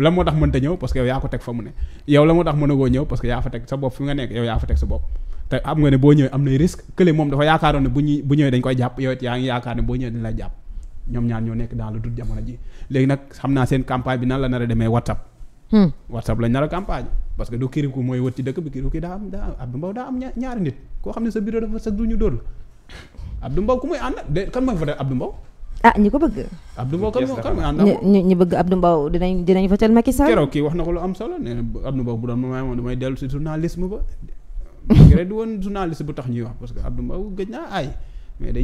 la moo tax mënta ñëw parce que yow yaa ko teg fa mu ne yow la moo tax mën a koo ñëw parce que yaa fa teg sa bopp fi nga nekk yow yaa fa teg sa bopp te xam nga ne boo ñëwee am nay risque kële moom dafa yaa ngi yaakaar ne boo ñëwee dañ lay jàpp ñoom ñaar ñoo nekk dans le doute jamono ji léegi nag xam naa seen campagne bi nan la nar a demee WhatsApp hmm. WhatsApp lañ nar a campagne parce du kiriku mooy wër ci dëkk bi kiriku daa am daa Abdou Mbow daa am ñaari nit koo xam ne sa ah ñi ko bëgg. Abdou Mbow kan moo ànd ak ñi bëgg Abdou Mbow dinañ dinañ votel Macky Sall. keroog kii wax na ko lu am solo nee na Abdou Mbow bu doon si journalisme ba. malgré woon journaliste bu tax ñuy wax parce que Abdou Mbow gëj naa aay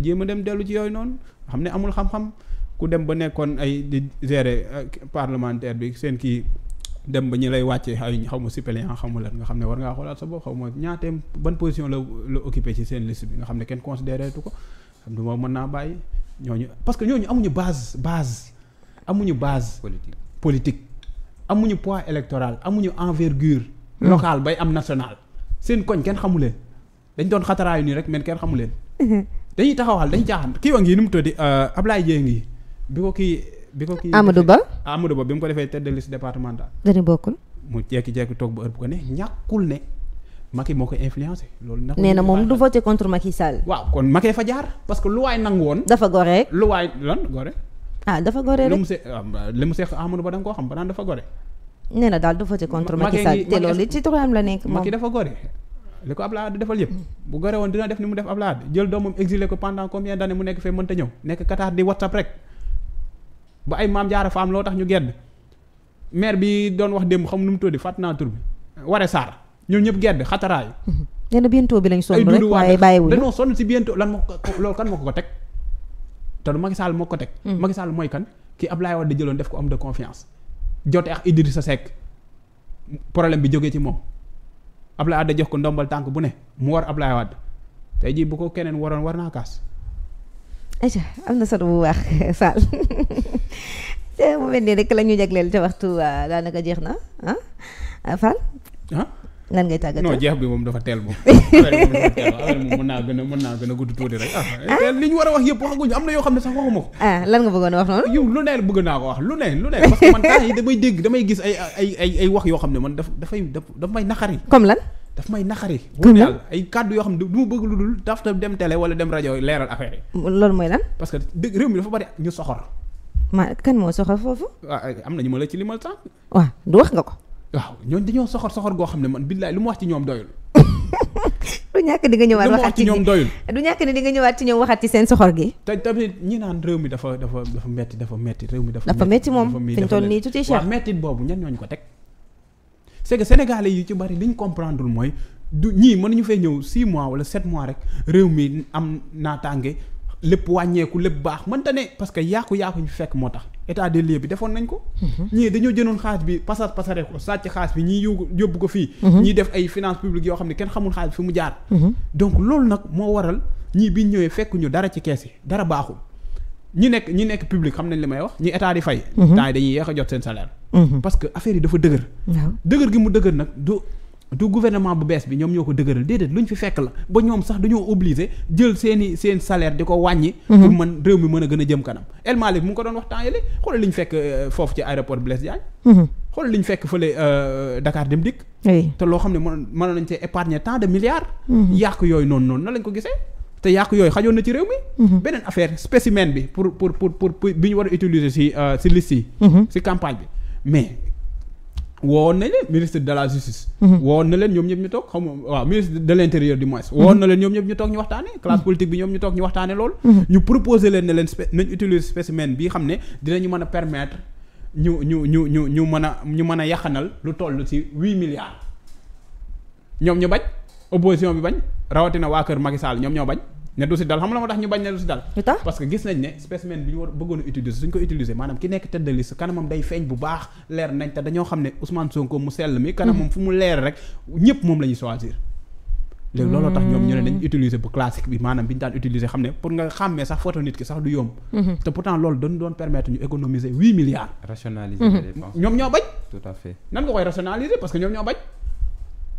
jéem a dem dellu ci yooyu noonu xam ne amul xam ku dem ba nekkoon ay di gérer euh, bi seen kii. dem ba ñu lay wàccee ay xaw ma nga xam ne war ngaa xoolaat sa bopp xaw ma ñaateem ban position la la occupé ci seen liste bi nga xam ne kenn considéré tu ko xam ne moom mën naa bàyyi. ñooñu parce que ñooñu amuñu base base amuñu base. politique politique amuñu poids électoral amuñu envergure. locale bay am nationale seen koñ kenn xamu leen dañ doon xataraayu nii rek men kenn xamu leen. dañuy taxawal dañ jaaxal kii wa ngi nu mu tëddi euh, Ablaye Dieng ngi bi ko kii. bi ko kii Amadou Ba Amadou Ba bi mu ko defee tête de liste départementale. dañu bokkul. mu jekki jekki toog ba heure bu ko ne ñàkkul ne. Macky moo ko influencé loolu ndax nee na moom du voté contre Macky Sall. waaw kon Macky dafa jaar parce que lu waay nangu woon. dafa gore rek lu waay lan gore. ah dafa gore rek li mu se li mu seex Amadou Ba da nga koo xam ba naan dafa gore. nee na daal du voté contre Macky Sall te loolu ci turam la ko bu gore woon dina def ni mu def Ablaye Wade jël doomam exilé ko pendant combien d'années mu nekk fee mënta ñëw nekk Qatar di WhatsApp rek ba ay maam jaara am loo tax ñu gedd maire bi doon wax démb xam nu mu tuddi fàtt naa tur bi Waré Sarr ñoom ñëpp gedd xataraayu. nee na bientôt bi lañ sonn rek waaye bàyyiwuñu dañoo sonn si bientôt lan moo ko loolu kan moo ko teg te du Macky Sall moo ko teg. Mm. Macky Sall mooy kan ki Abdoulaye Wade jëloon def ko homme de confiance jote ak sa Seck problème bi jógee ci moom Abdoulaye Wade jox ko ndombal tànk bu ne mu war Abdoulaye Wade tey jii bu ko keneen waroon war naa kaas. ayca am na solo bu baax Sall mu mel ni rek la ñu jagleel ca waxtu ah, daanaka jeex na ah nan ngay tàggatoo non moom dafa teel moom mën naa gën a mën naa gën a gudd tuuti rek ah, ah. li ñu war a wax yëpp waxaguñu am na yoo xam ne sax waxuma ko ah lan nga bëggoon a wax ne bëgg naa ko wax lu ne yi dégg damay gis ay wax yoo xam ne man daf dafay daf may naqari comme lan daf may naqari wóor yàlla ay kàddu yoo xam ne du ma bëgg lu dul daf ta dem télé wala dem rajo leeral affaire yi loolu mooy lan parce que dëgg réew mi dafa bari ñu soxor ma kan moo soxor foofu ah, am na ñu ma la ci limal sax waaw du wax nga ko waaw ñooñu dañoo soxor soxor goo xam ne man billaay lu mu wax ci ñoom doyul. du ñàkk di nga ñëwaat waxaat ci ñoom doyul du ñàkk ne di nga ñëwaat ci ñoom waxaat ci seen soxor gi te tamit ñi naan réew mi dafa dafa metti dafa metti réew mi dafa dafa metti moom fi ñu toll nii tuuti cher waaw metti boobu ñan ñooñu ko teg c'est que sénégalais yi ci bari li ñu comprendrewul mooy du ñii mën nañu fay ñëw 6 mois wala 7 mois rek réew mi am naataange lépp wàññeeku lépp baax mënta ne parce que yaaku ñu fekk moo tax état des lieux bi defoon nañ ko. Mhm. ñii dañoo jënoon xaalis bi pasar pasare sàcc xaalis bi ñii yóbbu ko fii. Mhm. ñii def ay finances publiques yoo xam ne kenn xamul xaalis fi mu jaar. Mhm. donc loolu nag moo waral ñii bi ñëwee fekk ñu dara ci kees yi dara baaxul. ñi nekk ñi nekk public xam nañ li may wax ñi état di fay. temps dañuy yéex a jot seen salaire. parce que yi dafa dëgër. dëgër gi mu dëgër du gouvernement bu bees bi ñoom ñoo ko dëgëral déedéet lu ñu fi fekk la ba ñoom sax dañoo obligé jël seen seen salaire di ko wàññi mhm. pour mën réew mi mën a gën a jëm kanam El Malick mu ngi doon wax temps euh, mhm. euh, de milliards mhm. yàq yooyu noonu noonu na lañ ko gisee te yàq yooyu xajoon na ci réew mi beneen affaire spécimen bi pour pour pour bi ñu war a utiliser si si euh, liste yi si campagne bi woon nañ leen ministre de la justice. Mhm. woon na leen ñoom ñëpp ñu toog xam nga waaw ministre de l' intérieur du moins. woon na leen ñoom ñëpp ñu toog ñu waxtaanee. classe mhm. politique bi ñoom ñu toog ñu waxtaanee loolu. Mhm. ñu proposer leen ne leen spé nañ utiliser spécimen bi xam ne dinañu mën a permettre ñu ñu ñu ñu ñu mën a ñu mën a yàqanal lu toll ci huit milliards. ñoom ñu bañ opposition bi bañ rawatina waa kër Macky ñoom ñoo bañ. ne si dal xam nga ma tax ñu bañ ne si dal. parce que gis nañ ne spécimen bi ñu war utiliser suñ ko utiliser maanaam ki nekk tête de kanamam day feeñ bu baax leer nañ te dañoo xam ne Ousmane Sonko mu sell mi. kanamam mm-hmm. fu mu leer rek ñëpp moom la choisir. léegi looloo tax ñoom ñu ne nañ mm. utiliser bu classique bi maanaam bi ñu daan utiliser xam ne pour nga xàmmee sax photo nit ki sax du yomb. Mm-hmm. te pourtant loolu dañu doon permettre ñu économiser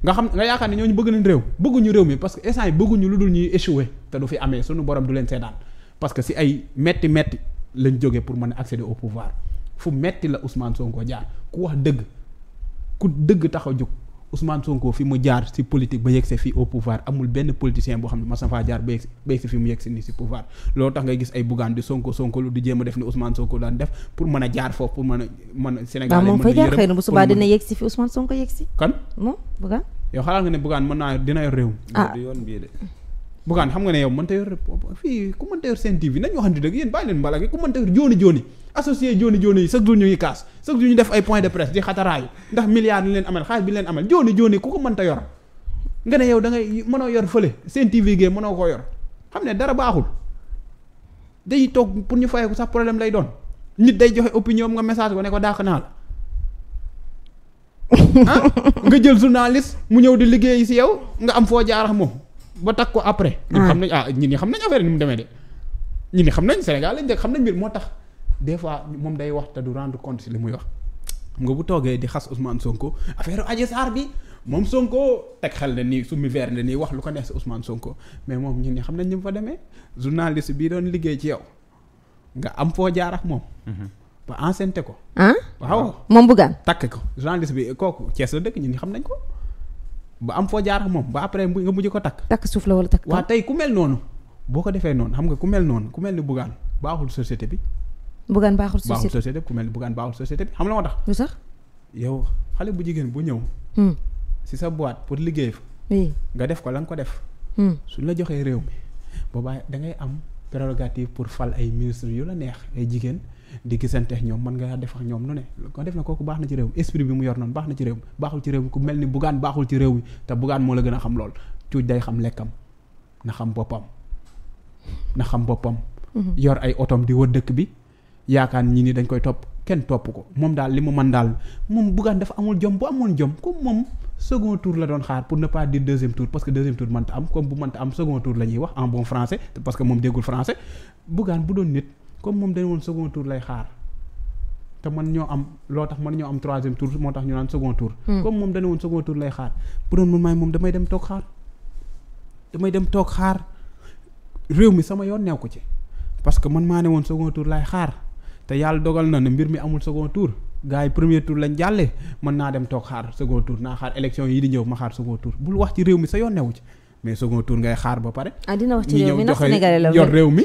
nga xam nga yaakaar ne ñu bëgg nañ réew bëgguñu réew mi parce que instant yi bëgguñu lu dul ñuy échoué te du fi amee suñu borom du leen seetaan parce que si ay metti metti lañ jógee pour mën a accéder au pouvoir fu metti la Ousmane ngoo jaar ku wax dëgg ku dëgg tax a jóg Ousmane Sonko fi mu jaar si politique ba yegg si fii au pouvoir amul benn politicien boo xam ne mas na faa jaar ba yegg si fi mu yegg si nii si pouvoir loolu tax ngay gis ay Bougane di Sonko Sonko lu di jéem a def ni Ousmane Sonko daan def pour mën a jaar foofu mën a mën a Sénégal moom fay jaar xëy na bu subaa dina yegg fi Ousmane Sonko yegg si moom Bougane yow xalaat nga ne Bougane mën naa dina yor réew ah yoon de Bougane xam nga ne yow mënta yor fii ku mënta yor seen TV nañu waxante dëgg yéen bàyyi leen mbala gi ku mënta yor jooni jooni associé jooni jooni yi ñu ngi kaas chaque ñu def ay point de presse di xataraayu ndax milliards leen amal xaalis bi leen amal jooni jooni ku ko mënta yor nga ne yow da ngay mënoo yor fële seen TV gee mënoo koo yor xam ne dara baaxul day toog pour ñu fayee ko sax problème lay doon nit day joxe opinion nga message ko ne ko dàq naa ah, jël journaliste mu ñëw di liggéey si yow nga am foo jaarax moom ba takk ko après. ñun xam nañ ah ñun ñi xam nañ affaire ni mu demee de. ñun ñi xam nañ Sénégal lañ dëkk xam nañ mbir moo tax des fois moom day wax te du rendre compte si li muy wax. nga bu toogee di xas Ousmane Sonko affaire Adji saar bi moom Sonko teg xel ne nii summi verre ne nii wax lu ko neex si Ousmane Sonko mais moom ñun ñi xam nañ ni mu fa demee journaliste bii doon liggéey ci yow nga am foo jaar ak moom. Mhm. ba enceinte ko. ah waaw moom Bougane takk ko journaliste bi kooku Thiès la dëkk ñun ñi xam nañ ko. ba am foo jaar moom ba après nga mujj ko takk. takk suuf la wala takk waa tey ku mel noonu. boo ko defee noonu xam nga ku mel noonu ku mel ni Bougane baaxul société bi. Bougane baaxul société baaxul société ku mel ni Bougane baaxul société bi xam la moo tax. lu sax yow xale bu jigéen bu ñëw. si hmm. sa boîte pour liggéey fa. oui nga def ko la nga ko def. Hmm. su la joxee réew mi boobaa da ngay am prérogative pour fal ay ministre yu la neex ay jigéen. di gisanteex ñoom mën nga def ak ñoom nu ne def na kooku baax na ci réew mi esprit bi mu yor noonu baax na ci réew mi baaxul ci réew mi ku mel ni bugaan baaxul ci réew mi te bugaan a xam moom daal li mu mën daal moom bugaan dafa amul jom bu amoon jom comme moom second tour la doon xaar pour ne pas deuxième tour parce que deuxième tour mënta am comme bu mënta am second tour la wax en bon français parce que moom déggul français bugaan comme moom dañu woon second tour lay xaar te man ñoo am loo tax man ñoo am troisième tour moo tax ñu naan second tour. Hmm. comme moom dañu woon second tour lay xaar moom damay dem toog xaar damay dem toog xaar réew mi sama yoon neew ci parce que man maa ne woon second tour lay xaar te yàlla dogal na ne mbir mi amul second tour gaa yi premier tour lañ jàllee mën naa dem toog xaar second tour naa xaar élection yi di ñëw ma xaar second tour bul wax ci réew mi sa yoon new ci mais second tour ngay xaar ba pare. ah dina réew mi la yor réew mi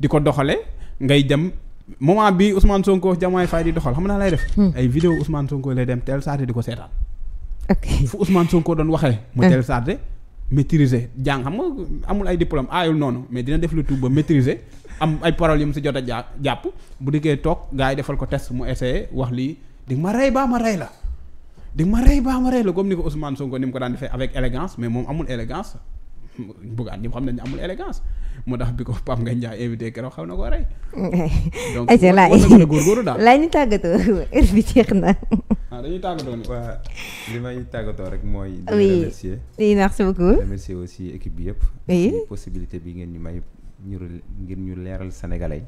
di ko doxalee. ngay dem moment bi Ousmane Sonko Diomaye Faye di doxal xam naa lay def. Hmm. ay vidéo Ousmane Sonko lay dem teel saate di ko seetaan. ok fu Ousmane Sonko doon waxee. mu hmm. teel saate maîtriser jàng xam nga amul ay diplôme aayul noonu mais dina def lu tout ba maîtriser am ay paroles yu mu si jot a jaa jàpp bu dikkee toog gars yi defal ko test mu essayé wax lii di ma rey baa ma rey la. di ma rey baa ma rey la comme ni ko Ousmane Sonko ni mu ko daan defee avec élégance mais moom amul élégance Bougane ñëpp xam ne ne amul élégance moo tax bi ko Pape Ngagne Ndiaye invité keroog xaw na koo rey. donc la góorgóorlu daal laa ñu tàggatoo heure bi na. ah tàggatoo nii. waa li may tàggatoo rek mooy. oui remercier oui merci beaucoup. remercier aussi équipe bi yëpp. oui possibilité bi ngeen ñu may ñu ngir ñu leeral sénégalais.